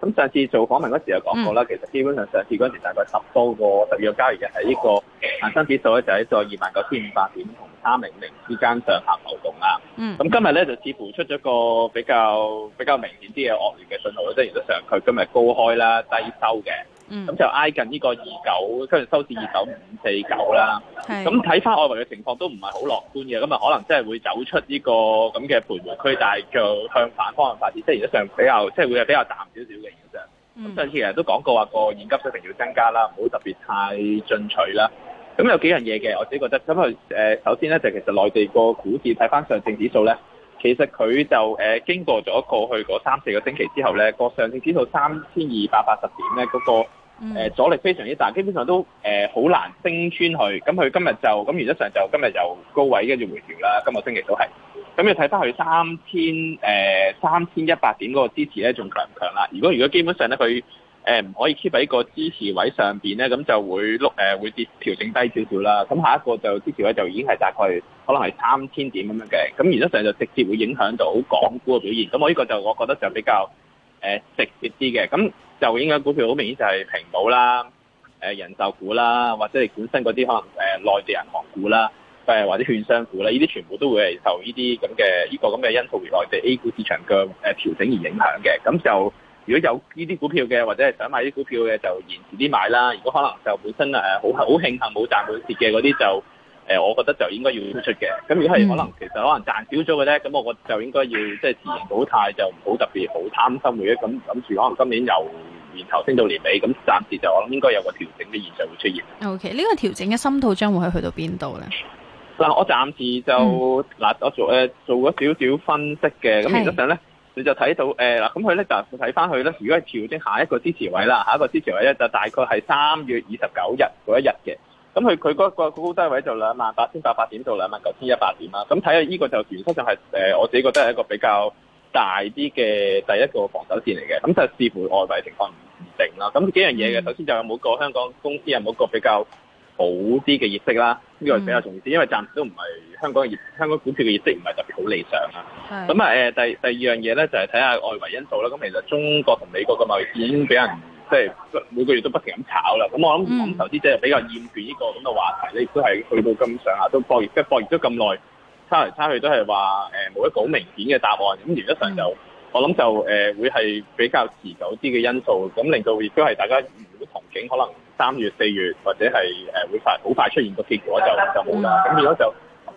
咁上次做訪問嗰時候就講過啦、嗯，其實基本上上次嗰時大概十多個十二個交易日係呢個恆生指數咧，就喺在二萬九千五百點同三零零之間上下流動啦。咁、嗯、今日咧就似乎出咗個比較比較明顯啲嘅惡劣嘅信號啦，即係果上佢今日高開啦低收嘅。嗯咁、嗯、就挨近呢個二九，跟住收市二九五四九啦。咁睇翻外圍嘅情況都唔係好樂觀嘅，咁啊可能真係會走出呢個咁嘅徘徊區，但係就向反方向發展，即係而家上比較即係、就是、會比較淡少少嘅現象。咁上次其實都講過話個現金水平要增加啦，唔好特別太進取啦。咁有幾樣嘢嘅，我自己覺得咁啊誒，首先咧就其實內地個股市睇翻上證指數咧。其實佢就誒經過咗過去嗰三四個星期之後咧，個上證指數三千二百八十點咧，嗰個呃阻力非常之大，基本上都誒好、呃、難升穿去。咁佢今日就咁，原則上就今日就高位跟住回調啦。今個星期都係，咁你睇翻佢三千誒三千一百點嗰個支持咧，仲強唔強啦？如果如果基本上咧，佢誒唔可以 keep 喺個支持位上邊咧，咁就會碌誒會跌調整低少少啦。咁下一個就支持位就已經係大概可能係三千點咁樣嘅，咁原則上就直接會影響到港股嘅表現。咁我呢個就我覺得就比較誒直接啲嘅。咁就影響股票好明顯就係平保啦、誒人壽股啦，或者係本身嗰啲可能誒內地銀行股啦，誒或者券商股啦，呢啲全部都會係受呢啲咁嘅呢個咁嘅因素，內地 A 股市場嘅誒調整而影響嘅。咁就如果有呢啲股票嘅，或者係想買啲股票嘅，就延遲啲買啦。如果可能就本身誒好好慶幸冇賺冇蝕嘅嗰啲，就、呃、誒我覺得就應該要出嘅。咁如果係可能、嗯、其實可能賺少咗嘅咧，咁我覺得就應該要即係持盈保泰，就唔好特別好貪心嘅咁，諗住可能今年由年頭升到年尾，咁暫時就我諗應該有個調整嘅現象會出現。O K。呢個調整嘅深度將會去到邊度咧？嗱，我暫時就嗱、嗯，我做做咗少少分析嘅，咁原則上咧。你就睇到誒嗱，咁佢咧就睇翻佢咧，如果係調整下一個支持位啦，下一個支持位咧就大概係三月二十九日嗰一日嘅。咁佢佢嗰個高低位就兩萬八千八百點到兩萬九千一百點啦。咁睇下呢個就原則上係誒，我自己覺得係一個比較大啲嘅第一個防守線嚟嘅。咁就視乎外圍情況而定啦。咁幾樣嘢嘅，首先就有冇個香港公司有冇個比較。好啲嘅業績啦，呢個係比較重要啲，因為暫時都唔係香港嘅業，香港股票嘅業績唔係特別好理想啊。咁啊第第二樣嘢咧就係睇下外圍因素啦。咁、嗯、其實中國同美國嘅貿易已經俾人即係每個月都不停咁炒啦。咁、嗯、我諗投資者又比較厭倦呢個咁嘅話題咧，都、嗯、係去到咁上下都博弈。即係博弈都咁耐，差嚟差去都係話誒冇一個好明顯嘅答案。咁、嗯、原則上就。嗯我諗就誒、呃、會係比較持久啲嘅因素，咁令到亦都係大家如果同景，可能三月、四月或者係會快好快出現個結果就就好啦。咁變咗就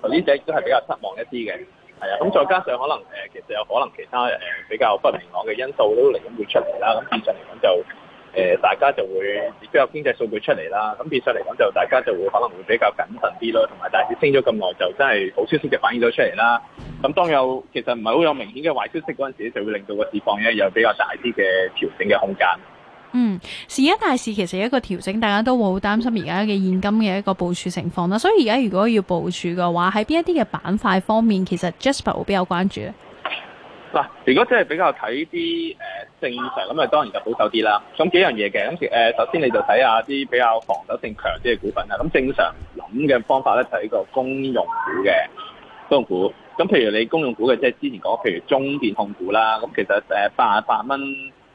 呢隻亦都係比較失望一啲嘅。係啊，咁再加上可能、呃、其實有可能其他、呃、比較不明朗嘅因素都嚟緊會出嚟啦。咁變上嚟講就、呃、大家就會亦都有經濟數據出嚟啦。咁變上嚟講就大家就會可能會比較謹慎啲咯。同埋大市升咗咁耐，就真係好消息嘅反映咗出嚟啦。咁當有其實唔係好有明顯嘅壞消息嗰陣時，就會令到個市況咧有比較大啲嘅調整嘅空間。嗯，事一大事其實一個調整，大家都會好擔心而家嘅現金嘅一個部署情況啦。所以而家如果要部署嘅話，喺邊一啲嘅板塊方面，其實 Jasper 會比較關注咧。嗱、啊，如果即係比較睇啲、呃、正常咁啊，當然就保守啲啦。咁幾樣嘢嘅，咁、呃、首先你就睇下啲比較防守性強啲嘅股份啦。咁正常諗嘅方法咧，就係、是、呢個公用股嘅。公用股，咁譬如你公用股嘅，即係之前講，譬如中電控股啦，咁其實誒八十八蚊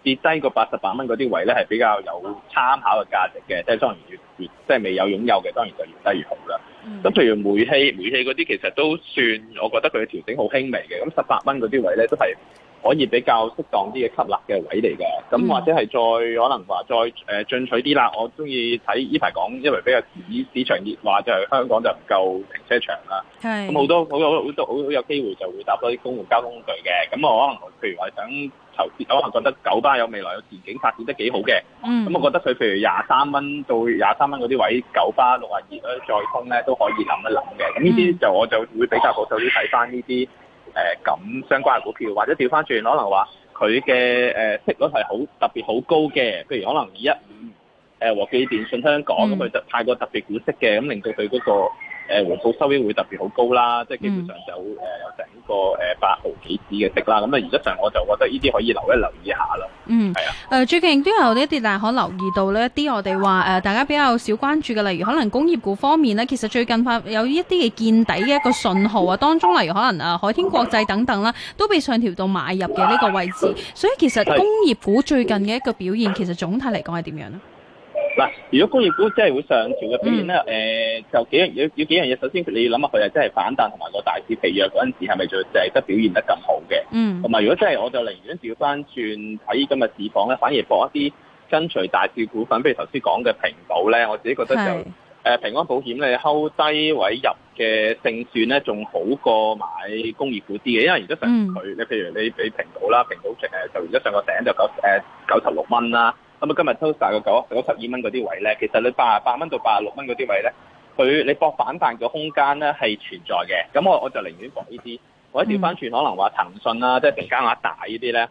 跌低過八十八蚊嗰啲位咧，係比較有參考嘅價值嘅，即係當然越越即係未有擁有嘅，當然就越低越好啦。咁譬如煤氣，煤氣嗰啲其實都算，我覺得佢嘅調整好輕微嘅，咁十八蚊嗰啲位咧都係，可以比較適當啲嘅吸納嘅位嚟嘅，咁或者係再可能話再誒、呃、進取啲啦。我中意睇呢排講，因為比較市市場熱話就係香港就唔夠停車場啦，咁好多好多好多好好有機會就會搭多啲公共交通工具嘅。咁我可能譬如話想投資，可能覺得九巴有未來有前景發展得幾好嘅，咁、嗯、我覺得佢譬如廿三蚊到廿三蚊嗰啲位，九巴六啊二咧再通咧都可以諗一諗嘅。咁呢啲就我就會比較保守啲，睇翻呢啲。嗯誒咁相關嘅股票，或者調翻轉，可能話佢嘅誒息率係好特別好高嘅，譬如可能二一五誒和記電訊香港，佢、mm. 就太過特別股息嘅，咁令到佢嗰、那個。誒回報收益會特別好高啦，即係基本上就誒有成個誒八毫幾子嘅息啦。咁、嗯、啊，而家上我就覺得呢啲可以留一留意一下啦嗯，啊。最近都有一啲大可留意到呢一啲我哋話誒大家比較少關注嘅，例如可能工業股方面呢，其實最近發有一啲嘅見底嘅一個信號啊，當中例如可能啊海天國際等等啦，都被上調到買入嘅呢個位置。所以其實工業股最近嘅一個表現，其實總體嚟講係點樣呢？嗱，如果工業股真係會上調嘅，表現咧、嗯呃，就幾樣，要有幾樣嘢。首先，你諗下佢係真係反彈，同埋個大市疲弱嗰陣時，係咪就就係得表現得更好嘅？嗯。同埋，如果真係，我就寧願調翻轉喺今日市況咧，反而博一啲跟隨大市股份，譬如頭先講嘅平保咧，我自己覺得就誒平安保險咧，溝低位入嘅勝算咧，仲好過買工業股啲嘅，因為而家上佢，你、嗯、譬如你畀平保啦，平保值誒就而家上個頂就九誒九十六蚊啦。咁啊，今日 Tesla 個九九十二蚊嗰啲位咧，其實88你八啊八蚊到八啊六蚊嗰啲位咧，佢你博反彈嘅空間咧係存在嘅。咁我我就寧願博呢啲。或者調翻轉，可能話騰訊啦、啊，即係成交額大些呢啲咧，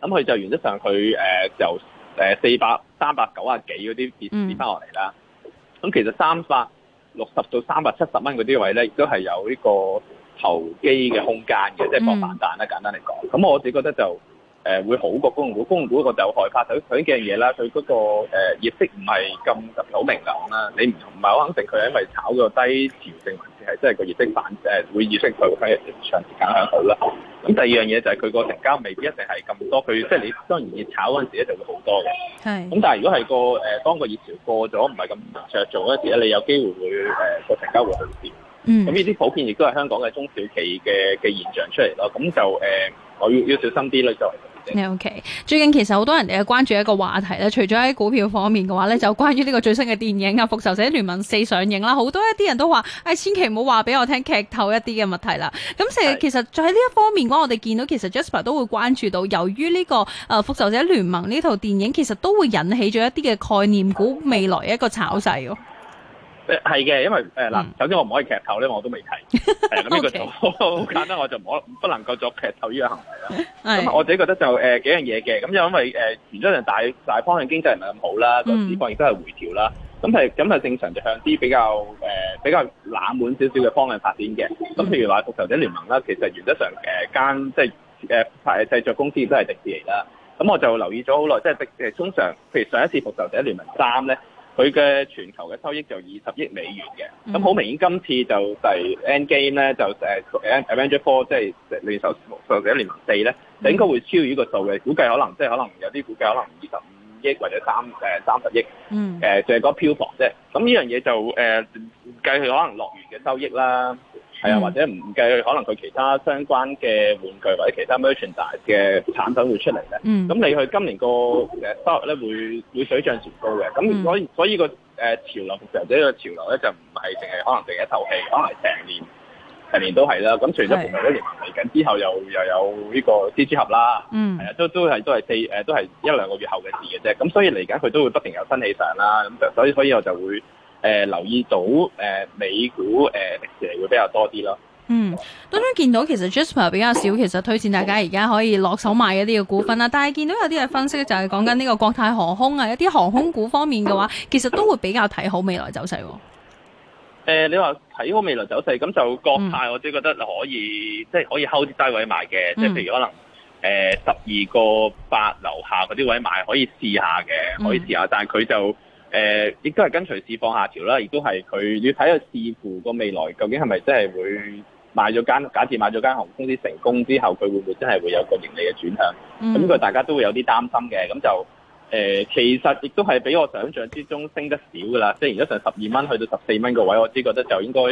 咁佢就原則上佢誒由誒四百三百九啊幾嗰啲跌跌翻落嚟啦。咁、呃嗯、其實三百六十到三百七十蚊嗰啲位咧，亦都係有呢個投機嘅空間嘅，即係博反彈啦。簡單嚟講，咁、嗯、我自己覺得就。誒會好過公認股，公認股我就害怕佢喺呢幾樣嘢啦。佢嗰個誒業績唔係咁特好明朗啦。你唔唔係好肯定佢係因為炒嘅低潮性還、就是係真係個業績反誒會意識佢會喺長時間響好啦。咁第二樣嘢就係佢個成交未必一定係咁多，佢即係你當然熱炒嗰陣時咧就會好多嘅。係。咁但係如果係個誒當個熱潮過咗唔係咁着做嗰陣時咧，你有機會會誒個、呃、成交會好啲。咁呢啲普遍亦都係香港嘅中小企嘅嘅現象出嚟咯。咁就誒、呃，我要我要小心啲啦就。你、okay. K 最近其實好多人誒關注一個話題咧，除咗喺股票方面嘅話咧，就關於呢個最新嘅電影啊，《復仇者聯盟四》上映啦，好多一啲人都話，誒、哎，千祈唔好話俾我聽劇透一啲嘅問題啦。咁成，其實就喺呢一方面講，我哋見到其實 Jasper 都會關注到由於，這個，由於呢個誒《復仇者聯盟》呢套電影，其實都會引起咗一啲嘅概念股未來一個炒勢。誒係嘅，因為誒嗱、嗯，首先我唔可以劇透咧，我都未睇。咁、嗯、呢個就好簡單， okay, 我就唔可不能夠做劇透呢個行為啦。咁我自己覺得就誒、呃、幾樣嘢嘅，咁就因為誒、呃，原則上大大方向經濟唔係咁好啦，個市況亦都係回調啦。咁係咁係正常，就向啲比較誒、呃、比較冷門少少嘅方向發展嘅。咁譬如話復仇者聯盟啦、嗯，其實原則上誒間即係誒製作公司都係迪士尼啦。咁我就留意咗好耐，即係迪誒通常譬如上一次復仇者聯盟三咧。呢佢嘅全球嘅收益就二十億美元嘅，咁好明顯今次就第 end game 呢《Endgame》咧、嗯、就誒《Avengers Four》，即係連首《Super》一連四咧，應該會超越呢個數嘅，估計可能即係、就是、可能有啲估計可能二十五億或者三誒三十億，誒淨係嗰票房啫。咁呢樣嘢就誒、啊、計佢可能樂園嘅收益啦。係、嗯、啊，或者唔計可能佢其他相關嘅玩具或者其他 merchandise 嘅產品會出嚟嘅。咁、嗯、你去今年個誒收入咧會會水漲船高嘅。咁、嗯、所以所以個誒潮流或者個潮流咧就唔係淨係可能第一頭氣，可能成年成年都係啦。咁除咗最近啲疫情嚟緊之後又，又又有呢個蜘蛛俠啦。嗯。係啊，都都係都係四誒都係一兩個月後嘅事嘅啫。咁所以嚟緊佢都會不停有新起上啦。咁就所以所以我就會。誒、呃，留意到誒、呃，美股誒，歷、呃、史嚟會比較多啲咯。嗯，當中見到其實 Jasper 比較少，其實推薦大家而家可以落手買一啲嘅股份啦。但係見到有啲嘅分析就係講緊呢個國泰航空啊，一啲航空股方面嘅話，其實都會比較睇好未來走勢，啊。誒、呃，你話睇好未來走勢，咁就國泰我只覺得可以，即、嗯、係可以 hold 啲低位買嘅，即、嗯、係譬如可能誒十二個八樓下嗰啲位買可試，可以試下嘅，可以試下，嗯、但係佢就。誒，亦都係跟隨市況下調啦，亦都係佢要睇下視乎個未來究竟係咪真係會買咗間，假設買咗間航空公司成功之後，佢會唔會真係會有個盈利嘅轉向？咁、嗯、佢大家都會有啲擔心嘅，咁就。呃、其實亦都係比我想象之中升得少㗎啦。即係而家上十二蚊去到十四蚊個位，我只覺得就應該、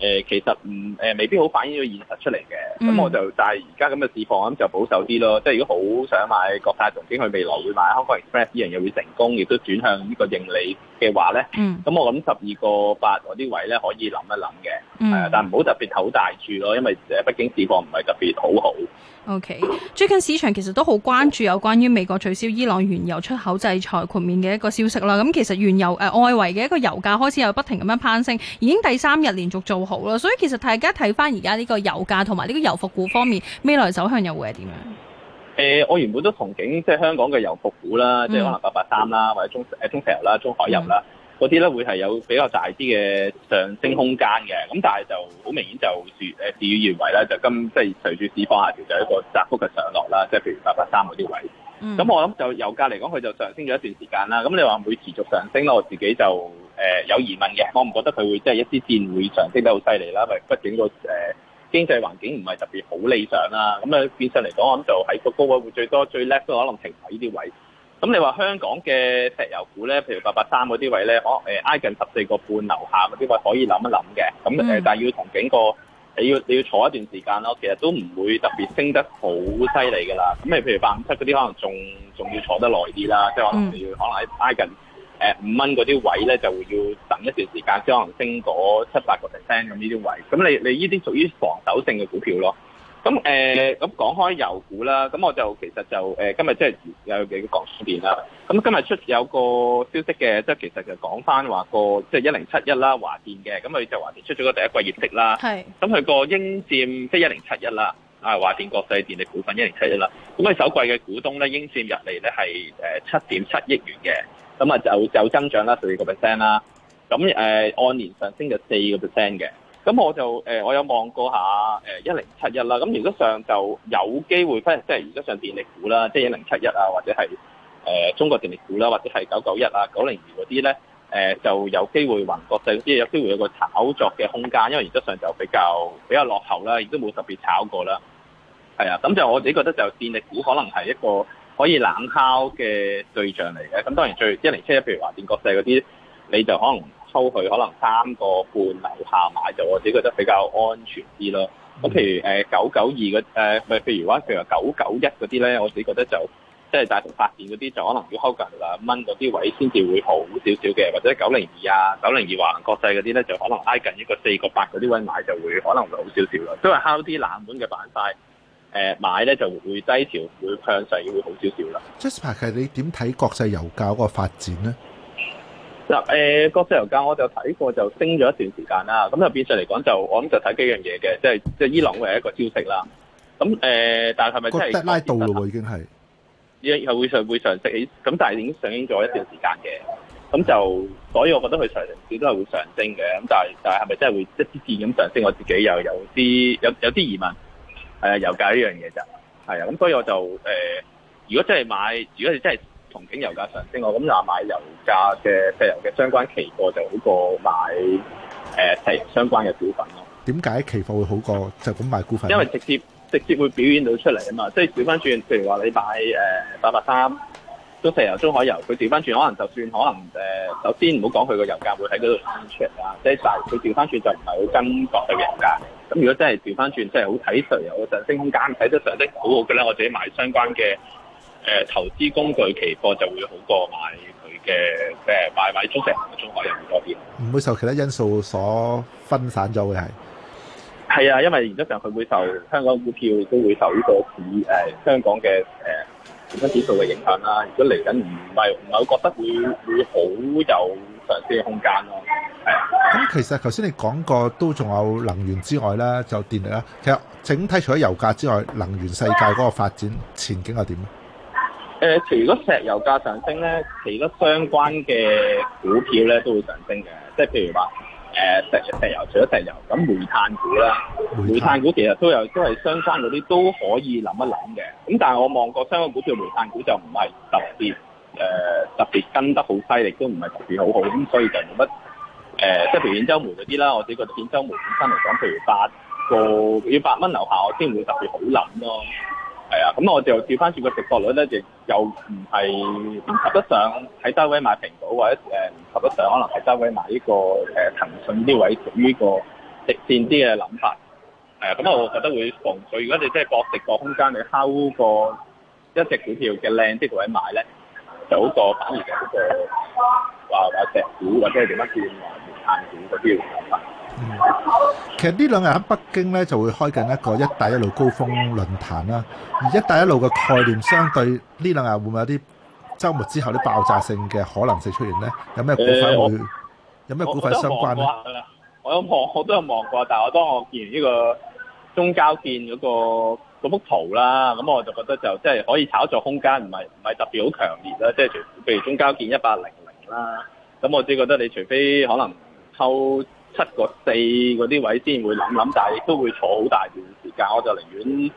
呃、其實唔、嗯呃、未必好反映到現實出嚟嘅。咁、嗯、我就但係而家咁嘅市況，咁就保守啲咯。即係如果好想買國泰總經去，未來會買香港 Express 人，又會成功，亦都轉向呢個盈利嘅話咧，咁、嗯、我諗十二個八嗰啲位咧，可以諗一諗嘅、嗯。啊，但唔好特別投大注咯，因為誒，畢竟市況唔係特別好好。O、okay, K，最近市場其實都好關注有關於美國取消伊朗原油出口制裁豁免嘅一個消息啦。咁其實原油誒、呃、外圍嘅一個油價開始又不停咁樣攀升，已經第三日連續做好啦。所以其實大家睇返而家呢個油價同埋呢個油服股方面，未來走向又會係點樣、呃？我原本都憧憬即係香港嘅油服股啦，即係可能八八三啦，或者中、呃、中石油啦、中海油啦。嗰啲咧會係有比較大啲嘅上升空間嘅，咁但係就好明顯就自誒事與願違啦，就今即係隨住市況下調，就一個窄幅嘅上落啦，即係譬如八八三嗰啲位、mm.。咁我諗就油價嚟講，佢就上升咗一段時間啦。咁你話會持續上升咧，我自己就誒有疑問嘅。我唔覺得佢會即係一啲線會上升得好犀利啦。咪畢竟個誒經濟環境唔係特別好理想啦。咁啊，變相嚟講，我諗就喺個高位會最多最叻都可能停喺呢啲位。咁、嗯、你話香港嘅石油股咧，譬如八八三嗰啲位咧，可、哦、誒、呃、挨近十四個半樓下嗰啲位可以諗一諗嘅。咁、嗯嗯、但係要同警個你要你要坐一段時間咯。其實都唔會特別升得好犀利㗎啦。咁、嗯、你譬如八五七嗰啲，可能仲仲要坐得耐啲啦。嗯、即係你要可能喺挨近誒五蚊嗰啲位咧，就會要等一段時間先可能升嗰七八個 percent 咁呢啲位。咁、嗯、你你呢啲屬於防守性嘅股票咯。咁誒咁講開油股啦，咁我就其實就誒、欸、今日即係有幾個講先面啦。咁今日出有個消息嘅，即、就、係、是、其實就講翻話個即係一零七一啦，就是、1071，華電嘅。咁佢就華電出咗個第一季業績啦。咁佢個應佔即係一零七一啦，啊華電國際電力股份一零七一啦。咁佢首季嘅股東咧應佔入嚟咧係誒七點七億元嘅。咁啊就增長啦，四個 percent 啦。咁、呃、按年上升就四個 percent 嘅。咁我就誒，我有望過下誒一零七一啦。咁原則上就有機會，即係即係原則上電力股啦，即係一零七一啊，或者係誒、呃、中國電力股啦，或者係九九一啊、九零二嗰啲咧，誒就有機會華電國際，即係有機會有個炒作嘅空間。因為原則上就比較比較落後啦，亦都冇特別炒過啦。係啊，咁就我自己覺得就電力股可能係一個可以冷烤嘅對象嚟嘅。咁當然最一零七一，譬如話華電國際嗰啲，你就可能。收佢可能三個半樓下買，就我自己覺得比較安全啲咯。咁譬如誒九九二嗰咪，譬如話譬如九九一嗰啲咧，我自己覺得就即係大唐發電嗰啲就可能要收近兩蚊嗰啲位先至會好少少嘅，或者九零二啊、九零二華能國際嗰啲咧就可能挨近一個四個八嗰啲位買就會可能會好少少咯。都係敲啲冷門嘅板塊誒買咧就會低潮會向上會好少少啦。Jasper 係，你點睇國際油價嗰個發展咧？嗱，誒國際油價我就睇過就升咗一段時間啦，咁就變相嚟講就我諗就睇幾樣嘢嘅，即係即係伊朗會係一個消息啦。咁誒、呃，但係係咪真係拉到咯？已經係，而係會上會上升起，咁但係已經上映咗一段時間嘅，咁就所以我覺得佢上陣時都係會上升嘅，咁但係但係係咪真係會一支箭咁上升？我自己又有啲有有啲疑問。係啊，油價呢樣嘢就係啊，咁所以我就、呃、如果真係買，如果你真係。同景油價上升，我咁就話買油價嘅石油嘅相關期貨就好過買誒石、呃、油相關嘅股份咯。點解期貨會好過就咁買股份？因為直接直接會表現到出嚟啊嘛！即係調翻轉，譬如話你買誒八八三中石油中海油，佢調翻轉可能就算可能誒、呃，首先唔好講佢個油價會喺嗰度輸出啊，即係但係佢調翻轉就唔係好跟國際油價。咁如果真係調翻轉，即係好睇石油嘅上升空間，睇得上升好好嘅咧，我自己買相關嘅。誒，投資工具期貨就會好過買佢嘅，即係，買買中石油、中海又多啲，唔會受其他因素所分散咗會係係啊，因為原則上佢會受香港股票都會受呢個指誒，香港嘅誒，平均指數嘅影響啦。如果嚟緊唔係唔係，我覺得會會好有上升嘅空間咯。係啊，咁其實頭先你講過都仲有能源之外啦，就電力啦。其實整體除咗油價之外，能源世界嗰個發展前景係點咧？誒、呃，除咗石油價上升咧，其他相關嘅股票咧都會上升嘅，即係譬如話，誒、呃、石石油，除咗石油，咁煤炭股啦，煤炭股其實都有都係相關嗰啲，都可以諗一諗嘅。咁但係我望過相關股票煤炭股就唔係特別誒、呃、特別跟得好犀利，都唔係特別好好咁，所以就冇乜誒，即係譬如兗州煤嗰啲啦，我只覺得兗州煤本身嚟講，譬如八個要八蚊樓下，我先唔會特別好諗咯。係啊，咁我就調返轉個直角率呢，就又唔係及得上喺低位買蘋果，或者唔及得上可能喺低位買呢個誒騰訊啲位屬於個直線啲嘅諗法。係啊，咁我覺得會防住。所以如果你即係搏直播空間，你敲個一隻股票嘅靚啲位置買呢，就好過反而就呢個話買石股或者係點樣叫橫行股嗰啲。諗法。嗯、其實呢兩日喺北京呢，就會開緊一個一帶一路高峰論壇啦。而一帶一路嘅概念相對呢兩日會唔會有啲周末之後啲爆炸性嘅可能性出現呢？有咩股份會、欸、有咩股份相關呢？我有望，我都有望過,過，但係我當我見完呢個中交建嗰、那個幅、那個、圖啦，咁我就覺得就即係、就是、可以炒作空間唔係唔係特別好強烈啦。即、就、係、是、譬如中交建一百零零啦，咁我自己覺得你除非可能抽。七個四嗰啲位先會諗諗，但係亦都會坐好大段時間。我就寧願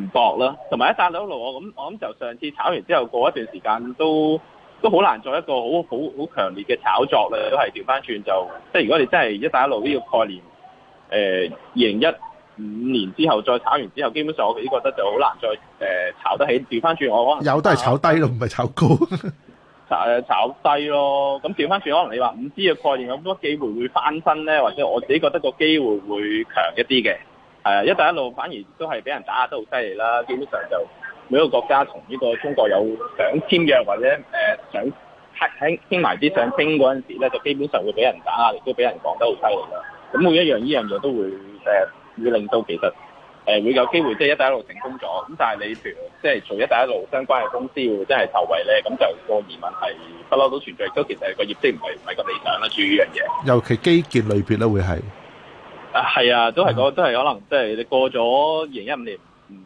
誒唔搏啦。同埋一帶一路，路我諗我諗就上次炒完之後過一段時間都都好難再一個好好好強烈嘅炒作啦。都係調翻轉就即係如果你真係一帶一路呢個概念誒，二零一五年之後再炒完之後，基本上我都覺得就好難再誒、呃、炒得起。調翻轉我可能有都係炒低咯，唔係炒高。 炒炒低咯，咁調翻轉可能你話五 G 嘅概念有好多機會會翻身咧，或者我自己覺得個機會會強一啲嘅。係啊，一帶一路反而都係俾人打壓得好犀利啦，基本上就每個國家同呢個中國有想簽約或者想傾埋啲想傾嗰陣時咧，就基本上會俾人打壓，亦都俾人講得好犀利啦。咁每一樣呢樣嘢都會誒會令到其實。呃誒，會有機會即係、就是、一帶一路成功咗，咁但係你譬如即係做一帶一路相關嘅公司，即係受惠咧，咁就個疑問係不嬲都存在，都其實個業績唔係唔係咁理想啦，注意呢樣嘢。尤其基建裏面咧，會係啊，係啊，都係講、那個，都係可能即係、就是、你過咗二零一五年，嗯，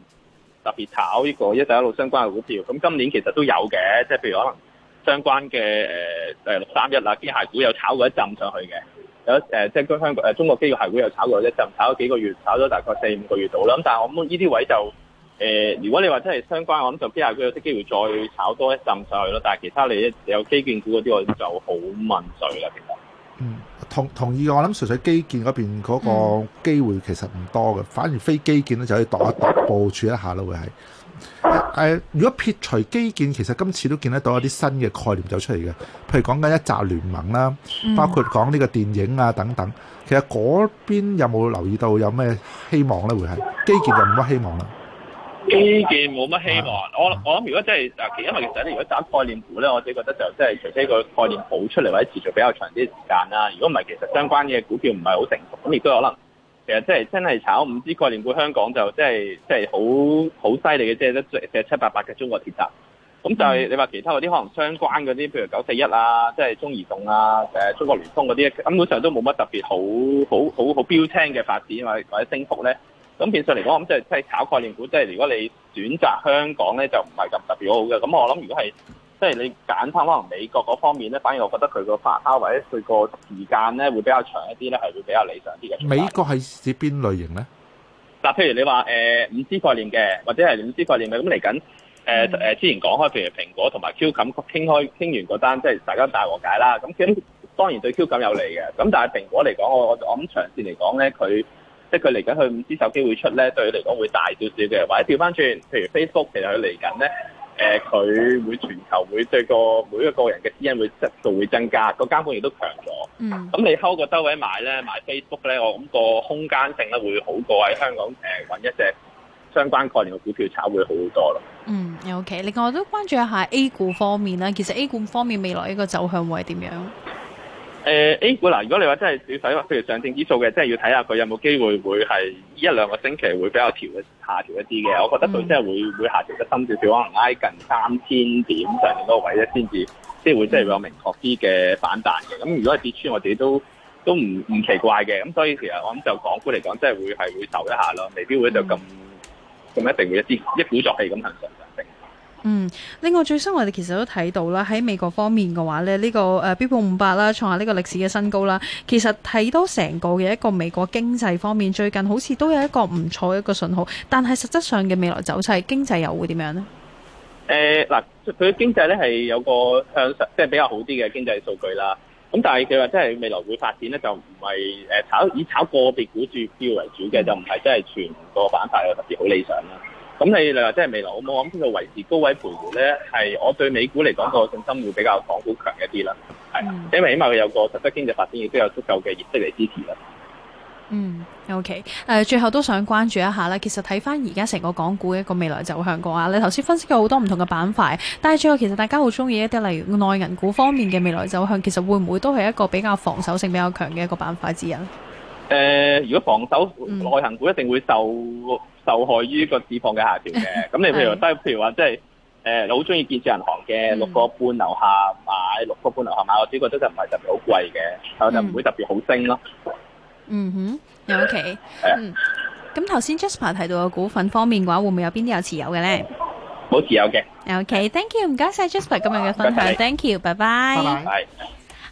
特別炒呢個一帶一路相關嘅股票。咁今年其實都有嘅，即係譬如可能相關嘅誒誒六三一啊，機械股有炒過一浸上去嘅。有誒，即係香港誒中國機械係會有炒過咧，就唔炒咗幾個月，炒咗大概四五個月度啦。咁但係我諗呢啲位就誒，如果你話真係相關，我諗就機械佢有啲機會再炒多一陣上去咯。但係其他你有基建股嗰啲，我諗就好問水啦。其實，嗯，同同意我諗純粹基建嗰邊嗰個機會其實唔多嘅，反而非基建咧就可以度一度部署一下咯，會係。 嗯誒，如果撇除基建，其實今次都見得到一啲新嘅概念走出嚟嘅，譬如講緊一集聯盟啦，包括講呢個電影啊等等。嗯、其實嗰邊有冇留意到有咩希望咧？會係基建就冇乜希望啦。基建冇乜希望，啊、我我諗如果真係其因為其實你如果打概念股咧，我自己覺得就即係除非個概念好出嚟，或者持續比較長啲時間啦。如果唔係，其實相關嘅股票唔係好成熟，咁亦都有可能。其實真係炒五支概念股，香港就即係即係好好犀利嘅，即係得七七七八八嘅中國鐵塔。咁就係你話其他嗰啲可能相關嗰啲，譬如九四一啊，即係中移動啊，誒、中國聯通嗰啲，根本上都冇乜特別好好好好標青嘅發展或者或者升幅咧。咁變相嚟講，我諗即係即係炒概念股，即係如果你選擇香港咧，就唔係咁特別好嘅。咁我諗如果係。即、就、係、是、你揀返可能美國嗰方面咧，反而我覺得佢個發酵或者佢個時間咧會比較長一啲咧，係會比較理想啲嘅。美國係指邊類型咧？嗱，譬如你話誒、呃、五 G 概念嘅，或者係五 G 概念嘅，咁嚟緊。誒、呃嗯、之前講開，譬如蘋果同埋 Q 感傾開傾完嗰單，即、就、係、是、大家大和解啦。咁當然對 Q 感有利嘅。咁但係蘋果嚟講，我我諗長線嚟講咧，佢即係佢嚟緊去五 G 手機會出咧，對佢嚟講會大少少嘅。或者調翻轉，譬如 Facebook 其實佢嚟緊咧。誒、呃，佢會全球會對個每一個個人嘅私隱會質素會增加，個監管亦都強咗。嗯，咁、嗯 okay, 你 hold 個周位買咧，買 Facebook 咧，我諗個空間性咧會好過喺香港誒搵一隻相關概念嘅股票炒會好好多咯。嗯，OK，另外我都關注一下 A 股方面啦。其實 A 股方面未來呢個走向會係點樣？誒 A 股嗱，如果你話真係要睇，譬如上證指數嘅，即係要睇下佢有冇機會會係一兩個星期會比較調一下調一啲嘅，我覺得佢真係會會下調得深少少，可能挨近三千點上面嗰個位咧先至，即係會即係有明確啲嘅反彈嘅。咁如果係跌穿，我自己都都唔唔奇怪嘅。咁所以其實我諗就港股嚟講，即係會係會受一下咯，未必會就咁咁、嗯、一定會一啲一鼓作氣咁行上。嗯，另外最新我哋其實都睇到啦，喺美國方面嘅話咧，呢、這個誒標普五百啦創下呢個歷史嘅新高啦。其實睇到成個嘅一個美國經濟方面最近好似都有一個唔錯嘅一個信號，但係實質上嘅未來走勢，經濟又會點樣呢？誒、呃，嗱，佢經濟咧係有個向、呃、即係比較好啲嘅經濟數據啦。咁、嗯、但係佢話即係未來會發展咧，就唔係誒炒以炒個別股票為主嘅、嗯，就唔係真係全個板塊又特別好理想啦。咁你嚟話即係未來好冇咁呢個維持高位徘徊咧，係我對美股嚟講個信心會比較港股強一啲啦。係、嗯，因為起碼佢有個實質經濟發展亦都有足夠嘅業績嚟支持啦。嗯，OK、呃。誒，最後都想關注一下啦。其實睇翻而家成個港股一個未來走向嘅話，你頭先分析過好多唔同嘅板塊，但係最後其實大家好中意一啲，例如內銀股方面嘅未來走向，其實會唔會都係一個比較防守性比較強嘅一個板塊之一？誒、呃，如果防守內銀股，一定會受。嗯受害於個市況嘅下調嘅，咁你譬如話，即 係譬如話，即係誒，好中意建設銀行嘅、嗯、六個半樓下買，六個半樓下買，我只覺得就唔係特別好貴嘅，嗯、就唔會特別好升咯。嗯哼，OK。誒，咁、嗯、頭先、嗯、Jasper 提到嘅股份方面嘅話，會唔會有邊啲有持有嘅咧？冇持有嘅。OK，Thank、okay, you，唔該晒 Jasper 今日嘅分享。謝謝 thank you，拜拜。拜拜。Bye bye